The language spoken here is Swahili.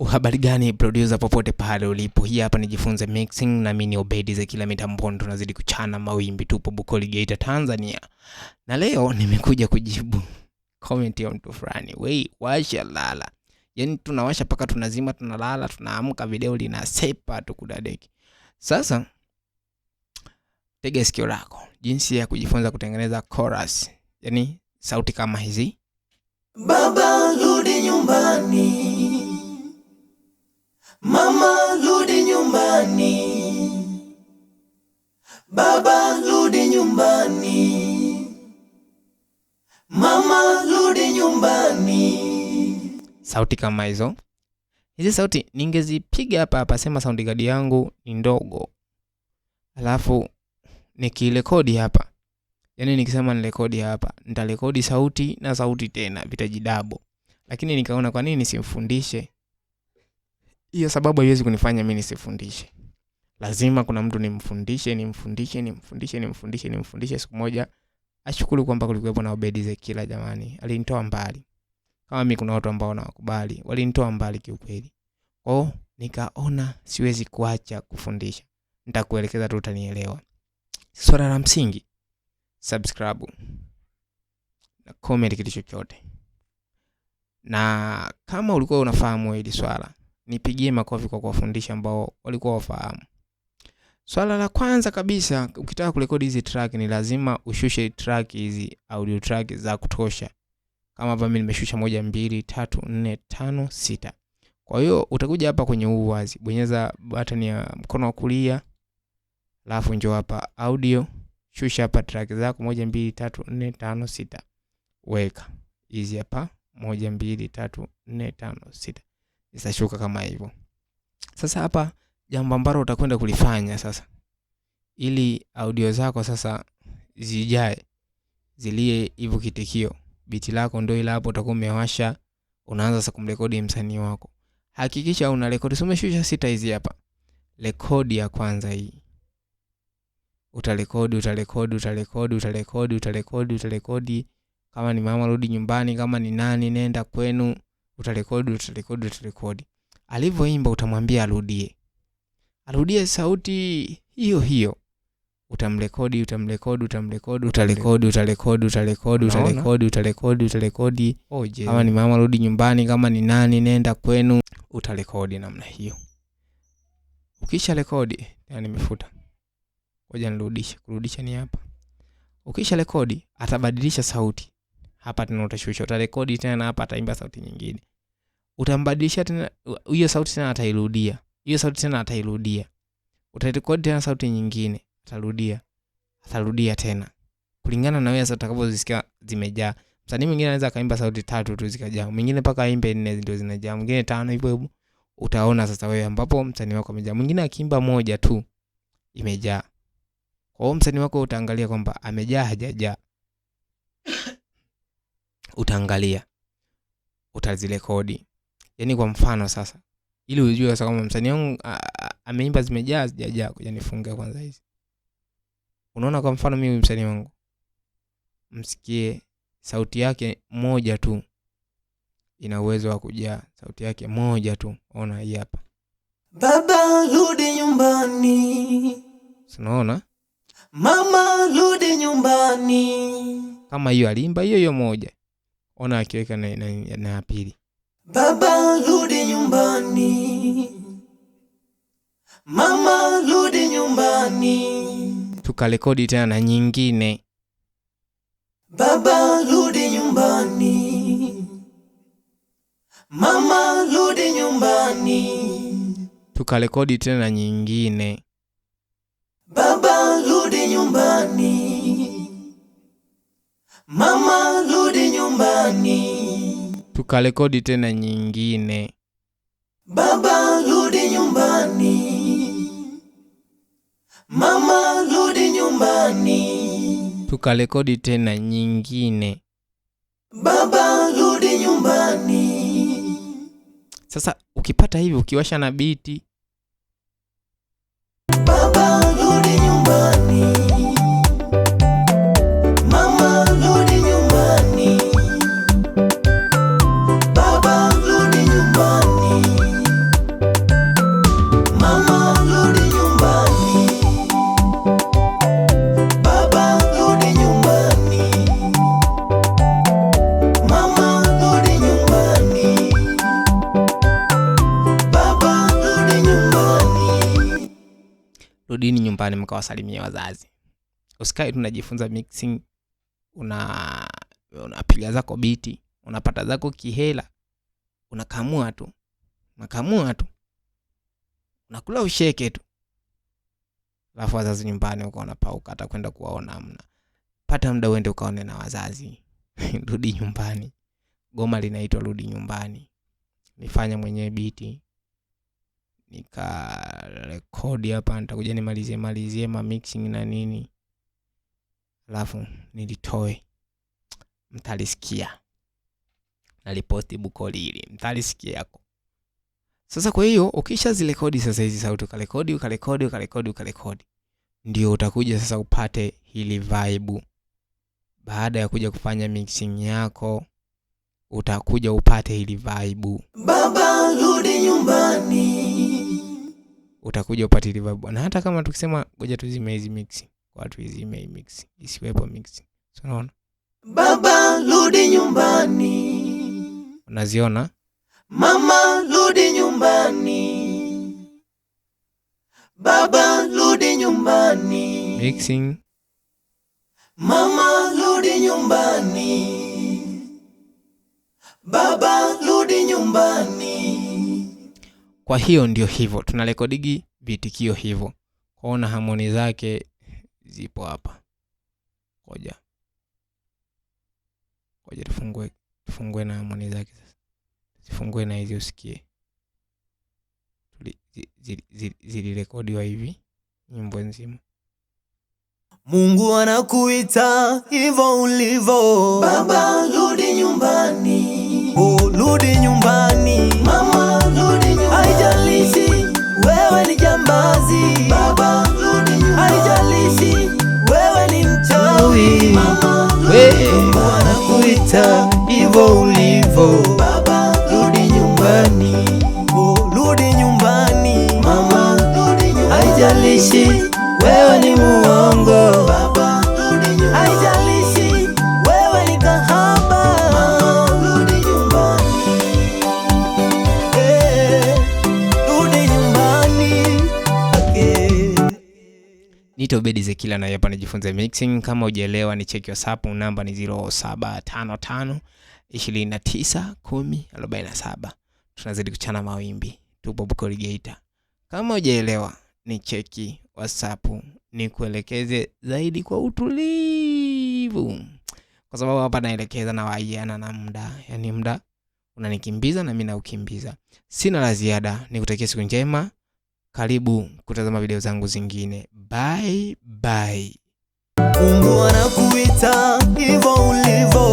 Uhabari gani producer, popote pale ulipo, hii hapa nijifunze mixing, na mimi ni Obedi za kila mita mitambondo, tunazidi kuchana mawimbi, tupo Bukoli, Geita, Tanzania, na leo nimekuja kujibu comment ya mtu fulani. We washa lala, yani tunawasha paka tunazima, tunalala, tunaamka, video linasepa tu kudadeki. Sasa tega sikio lako, jinsi ya kujifunza kutengeneza chorus, yani sauti kama hizi: baba rudi nyumbani Mama rudi nyumbani, baba rudi nyumbani, mama rudi nyumbani. Sauti kama hizo, hizi sauti ningezipiga hapa hapa, sema sound gadi yangu ni ndogo, alafu nikirekodi hapa, yaani nikisema nirekodi hapa, nitarekodi sauti na sauti tena vitajidabo, lakini nikaona kwa nini simfundishe hiyo sababu haiwezi kunifanya mimi nisifundishe. Lazima kuna mtu nimfundishe, nimfundishe, nimfundishe, nimfundishe, nimfundishe. Siku moja ashukuru kwamba kulikuwepo na Obedi Zekila, jamani, alinitoa mbali. Kama mimi kuna watu ambao nawakubali, walinitoa mbali kiukweli. Kwa hiyo nikaona siwezi kuacha kufundisha. Nitakuelekeza tu utanielewa. Swala la msingi, subscribe na comment kitu chochote. Na kama ulikuwa unafahamu hili swala nipigie makofi kwa kuwafundisha ambao walikuwa wafahamu. Swala la kwanza kabisa, ukitaka kurekodi hizi track ni lazima ushushe track hizi audio track za kutosha, kama hapa mimi nimeshusha moja, mbili, tatu, nne, tano, sita. Kwa hiyo utakuja hapa kwenye huu wazi, bonyeza button ya mkono wa kulia, alafu njoo hapa audio, shusha hapa track zako moja, mbili, tatu, nne, tano, sita, weka hizi hapa moja, mbili, tatu, nne, tano, sita itashuka kama hivyo. Sasa hapa jambo ambalo utakwenda kulifanya sasa ili audio zako sasa zijae zilie hivyo kitikio, biti lako ndio ile hapo utakuwa umewasha, unaanza sasa kumrekodi msanii wako. Hakikisha una rekodi, umeshusha sita hizi hapa. Rekodi ya kwanza hii utarekodi, utarekodi, utarekodi, utarekodi, utarekodi, utarekodi. Kama ni mama, rudi nyumbani. Kama ni nani, nenda kwenu utarekodi, utarekodi, utarekodi. Alivyoimba utamwambia arudie, arudie sauti hiyo hiyo, utamrekodi, utamrekodi, utamrekodi, utarekodi, utarekodi, utarekodi, utarekodi, utarekodi, utarekodi. Kama ni mama, rudi nyumbani. Kama ni nani, nenda kwenu, utarekodi namna hiyo. Ukisha rekodi, nimefuta, oja nirudishe. Kurudisha ni hapa. Ukisha rekodi, atabadilisha sauti hapa tena utashusha, utarekodi tena hapa, ataimba sauti nyingine, utambadilisha tena hiyo sauti tena, atairudia hiyo sauti tena, atairudia, utarekodi tena sauti nyingine, atarudia, atarudia tena kulingana na wewe utakavyozisikia zimejaa. Msanii mwingine anaweza akaimba sauti tatu tu zikajaa, mwingine paka aimbe nne ndio zinajaa, mwingine tano, hivyo hivyo. Utaona sasa wewe ambapo msanii wako amejaa, mwingine akiimba moja tu imejaa. Kwa hiyo msanii wako utaangalia kwamba amejaa hajajaa utaangalia, utazirekodi. Yani kwa mfano sasa, ili ujue sasa kama msanii wangu ameimba zimejaa zijajaa, kuja nifunge kwanza hizi. Unaona, kwa mfano mimi msanii wangu msikie sauti yake moja tu ina uwezo wa kujaa sauti yake moja tu. Ona hii hapa, baba rudi nyumbani, sinaona mama rudi nyumbani, kama hiyo aliimba hiyo hiyo moja ona akiweka na, na, na ya pili, baba rudi nyumbani, mama rudi nyumbani, tukarekodi tena na nyingine, baba rudi nyumbani, mama rudi nyumbani, tukarekodi tena na nyingine, baba rudi nyumbani mama rudi nyumbani, tukarekodi tena nyingine, baba rudi nyumbani, mama rudi nyumbani, tukarekodi tena nyingine, baba rudi nyumbani. Sasa ukipata hivi ukiwasha na biti rudini nyumbani mkawasalimia wazazi. uskai tunajifunza mixing, una unapiga zako biti, unapata zako kihela, unakamua tu, unakamua tu, unakula usheke tu, alafu wazazi nyumbani uko unapauka, hata kwenda kuwaona mna Pata muda uende ukaone na wazazi rudi nyumbani. Goma linaitwa rudi nyumbani. Nifanya mwenyewe biti nikarekodi hapa, nitakuja nimalizie malizie ma mixing na nini, alafu nilitoe, mtalisikia naliposti Bukoli ili mtalisikia yako sasa. Kwa hiyo ukisha zirekodi sasa hizi sauti, ukarekodi ukarekodi ukarekodi ukarekodi, ndio utakuja sasa upate hili vibe baada ya kuja kufanya mixing yako utakuja upate hili vibe. Baba rudi nyumbani, utakuja upate hili vibe. Na hata kama tukisema ngoja tuzime hizi mix, kwa tuzime hii mix, isiwepo mix, unaona? Baba rudi nyumbani, unaziona? Mama rudi nyumbani, baba rudi nyumbani, mixing. Mama rudi nyumbani Baba rudi nyumbani. Kwa hiyo ndio hivyo, tunarekodigi vitikio hivyo kwao, hamoni zake zipo hapa. koja koja tufungue, tufungue na hamoni zake sasa, tufungue na hizi usikie, zilirekodiwa hivi nyimbo nzima. Mungu anakuita hivo ulivo baba rudi nyumbani rudi nyumbani, mama rudi nyumbani. Haijalishi wewe ni jambazi, baba rudi nyumbani. Haijalishi wewe ni mchawi, mama rudi nyumbani. wanakuita hivyo ulivyo, baba rudi nyumbani, oh, rudi nyumbani, mama rudi nyumbani. Haijalishi wewe ni muongo, baba Nito Bedi Zekila na hapa nijifunze mixing. Kama hujaelewa ni cheki WhatsApp namba ni 0755 29 10 Tunazidi kuchana mawimbi. Tupo Bukoli Geita. Kama hujaelewa ni cheki WhatsApp kuelekeze zaidi kwa utulivu, kwa sababu hapa naelekeza na waiana na muda, yani muda unanikimbiza na mimi naukimbiza. Sina la ziada, nikutakia siku njema. Karibu kutazama video zangu zingine. Bye bye. Mungu anakuita hivyo ulivyo.